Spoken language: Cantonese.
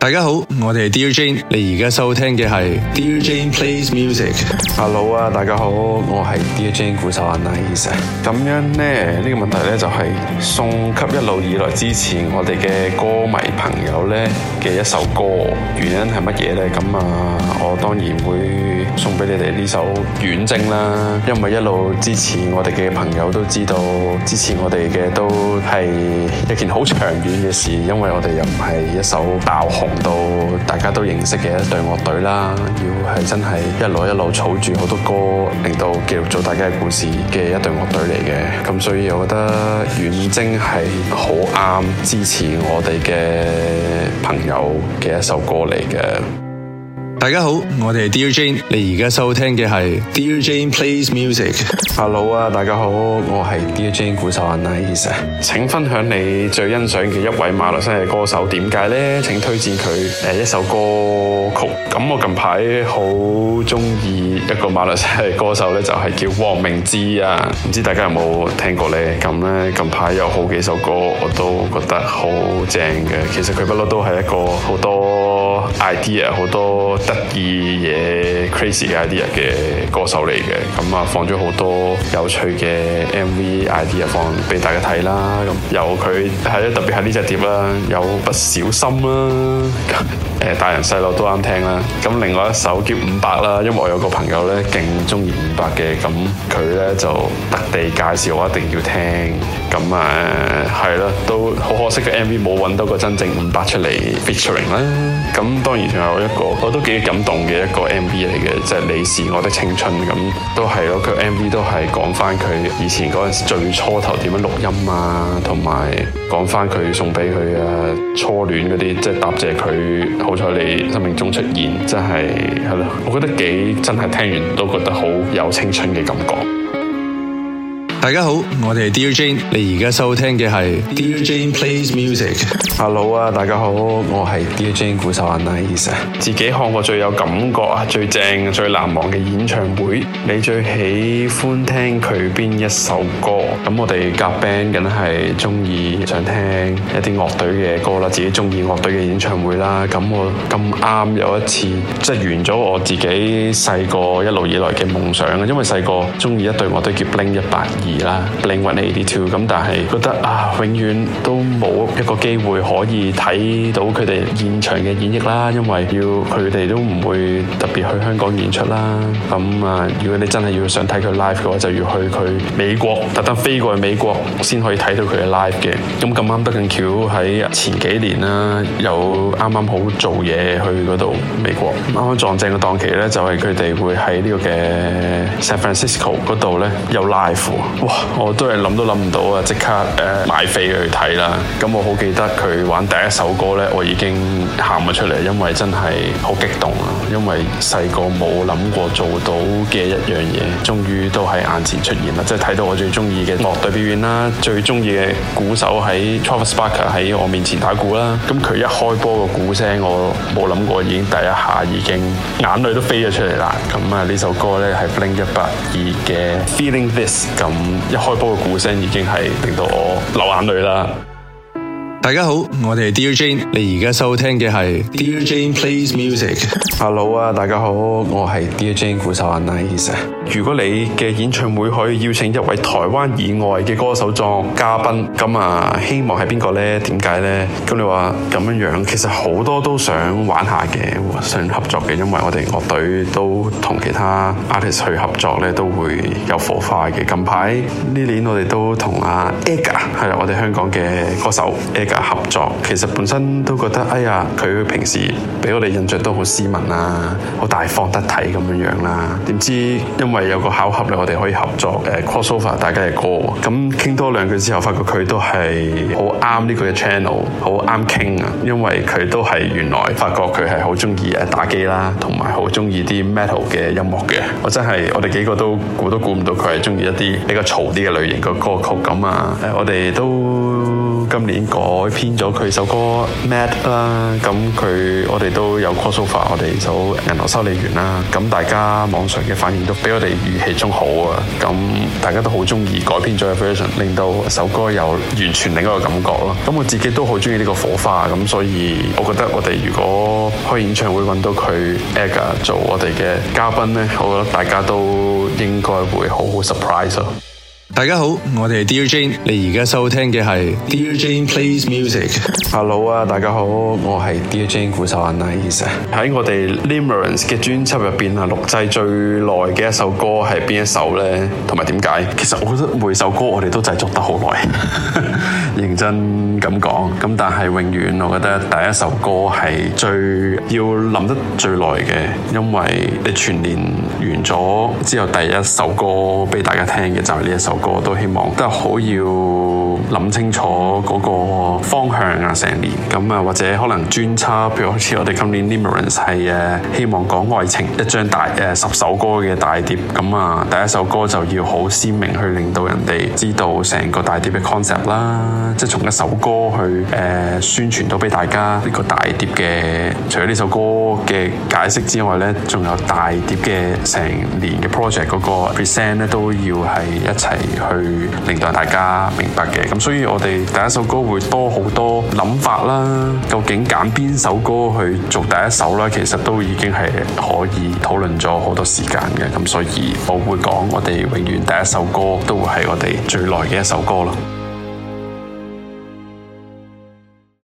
大家好，我哋係 Dear Jane，你而家收聽嘅係 Dear Jane Plays Music。Hello 啊，大家好，我係 Dear Jane 鼓手阿 Nice 先生。咁樣咧，呢、呢個問題咧就係送給一路以來支持我哋嘅歌迷朋友咧嘅一首歌，原因係乜嘢咧？咁啊，我當然會送俾你哋呢首《遠征》啦，因為一路支持我哋嘅朋友都知道，支持我哋嘅都係一件好長遠嘅事，因為我哋又唔係一首爆紅。到大家都認識嘅一隊樂隊啦，要係真係一路一路儲住好多歌，令到記錄咗大家嘅故事嘅一隊樂隊嚟嘅。咁所以我覺得遠征係好啱支持我哋嘅朋友嘅一首歌嚟嘅。大家好，我哋係 Dear Jane，你而家收聽嘅係 Dear Jane Plays Music。Hello 啊，大家好，我係 Dear Jane 鼓手、啊、Nice，請分享你最欣賞嘅一位馬來西亞歌手，點解呢？請推薦佢一首歌曲。咁我近排好中意一個馬來西亞歌手咧，就係、是、叫黃明志啊，唔知大家有冇聽過呢？咁咧近排有好幾首歌我都覺得好正嘅，其實佢不嬲都係一個好多。idea 好多得意嘢 crazy 嘅 idea 嘅歌手嚟嘅，咁啊放咗好多有趣嘅 MV idea 放俾大家睇啦，咁有佢係咯，特別係呢隻碟啦，有不小心啦，誒 大人細路都啱聽啦，咁另外一首叫五百啦，因為我有個朋友咧勁中意五百嘅，咁佢咧就特地介紹我一定要聽，咁啊係啦，都好可惜嘅 MV 冇搵到個真正五百出嚟 featuring 啦，咁。咁當然仲係有一個，我都幾感動嘅一個 M V 嚟嘅，就係《你是我的青春》咁，都係咯，佢 M V 都係講翻佢以前嗰陣時最初頭點樣錄音啊，同埋講翻佢送俾佢嘅初戀嗰啲，即係答謝佢，好彩你生命中出現，真係係咯，我覺得幾真係聽完都覺得好有青春嘅感覺。大家好，我哋係 Dear Jane，你而家收聽嘅係 Dear Jane Plays Music。Hello 啊，大家好，我係 Dear Jane 鼓手 Howie 啊，先生。自己看過最有感覺最正、最難忘嘅演唱會，你最喜歡聽佢邊一首歌？咁我哋夾 band 梗係中意，想聽一啲樂隊嘅歌啦，自己中意樂隊嘅演唱會啦。咁我咁啱有一次即係、就是、完咗我自己細個一路以來嘅夢想，因為細個中意一對樂隊叫 Blink 一八二啦，Blink one eighty two。咁但係覺得、啊、永遠都冇一個機會。可以睇到佢哋現場嘅演繹啦，因為要佢哋都唔會特別去香港演出啦。咁啊，如果你真係要想睇佢 live 嘅話，就要去佢美國，特登飛過去美國先可以睇到佢嘅 live 嘅。咁咁啱得咁巧喺前幾年啦，有啱啱好做嘢去嗰度美國，啱啱撞正嘅檔期呢，就係佢哋會喺呢個嘅 San Francisco 嗰度呢有 live。哇！我想都係諗都諗唔到啊，即刻誒買飛去睇啦。咁我好記得佢。玩第一首歌呢，我已經喊咗出嚟，因為真係好激動啊。因為細個冇諗過做到嘅一樣嘢，終於都喺眼前出現啦！即係睇到我最中意嘅樂隊表演啦，最中意嘅鼓手喺 Travis Barker 喺我面前打鼓啦。咁佢一開波個鼓聲，我冇諗過已經第一下已經眼淚都飛咗出嚟啦。咁啊，呢首歌呢係 Blink 一百二嘅 Feeling This，咁一開波個鼓聲已經係令到我流眼淚啦。大家好，我哋係 Dear Jane，你而家收聽嘅係 Dear Jane Plays Music。Hello 啊，大家好，我係 Dear Jane 鼓手阿 Nice。如果你嘅演唱會可以邀請一位台灣以外嘅歌手作嘉賓，咁啊希望係邊個咧？點解咧？咁你話咁樣樣，其實好多都想玩一下嘅，想合作嘅，因為我哋樂隊都同其他 artist 去合作咧，都會有火花嘅。近排呢年我哋都同阿 Aga 係我哋香港嘅歌手合作，其實本身都覺得，哎呀，佢平時俾我哋印象都好斯文啊，好大方得體咁樣樣啦。點知因為有個巧合，咧，我哋可以合作誒 cross over 大家嘅歌。咁傾多兩句之後，發覺佢都係好啱呢個嘅 channel，好啱傾啊。因為佢都係原來發覺佢係好中意誒打機啦，同埋好中意啲 metal 嘅音樂嘅。我真係我哋幾個都估都估唔到佢係中意一啲比較嘈啲嘅類型嘅歌曲咁啊。我哋都。今年改編咗佢首歌《Mad》啦，咁佢我哋都有 cover、so、翻我哋首《銀河修理員》啦，咁大家網上嘅反應都比我哋預期中好啊，咁大家都好中意改編咗嘅 version，令到首歌有完全另一個感覺咯。咁我自己都好中意呢個火花，咁所以我覺得我哋如果開演唱會揾到佢 AGA 做我哋嘅嘉賓呢，我覺得大家都應該會好好 surprise 咯。大家好，我哋係 Dear Jane，你而家收聽嘅係 Dear Jane Plays Music。Hello 啊，大家好，我係 Dear Jane 鼓手 Nice。喺我哋 Limerence 嘅專輯入邊啊，錄製最耐嘅一首歌係邊一首咧？同埋點解？其實我覺得每首歌我哋都製作得好耐， 認真咁講。咁但係永遠我覺得第一首歌係最要諗得最耐嘅，因為你全年完咗之後，第一首歌俾大家聽嘅就係呢一首。我都希望都可以。諗清楚個方向啊，成年咁啊，或者可能專輯譬如好似我哋今年《Limerence》係，誒，希望講愛情一張大，誒，十首歌嘅大碟，咁啊第一首歌就要好鮮明去令到人哋知道成個大碟嘅 concept 啦，即係從一首歌去誒、呃、宣傳到俾大家呢個大碟嘅除咗呢首歌嘅解釋之外咧，仲有大碟嘅成年嘅 project 個 present 咧都要係一齊去令到大家明白嘅。所以我哋第一首歌會多好多諗法啦，究竟揀邊首歌去做第一首咧？其實都已經係可以討論咗好多時間嘅。咁所以我會講，我哋永遠第一首歌都會係我哋最耐嘅一首歌咯。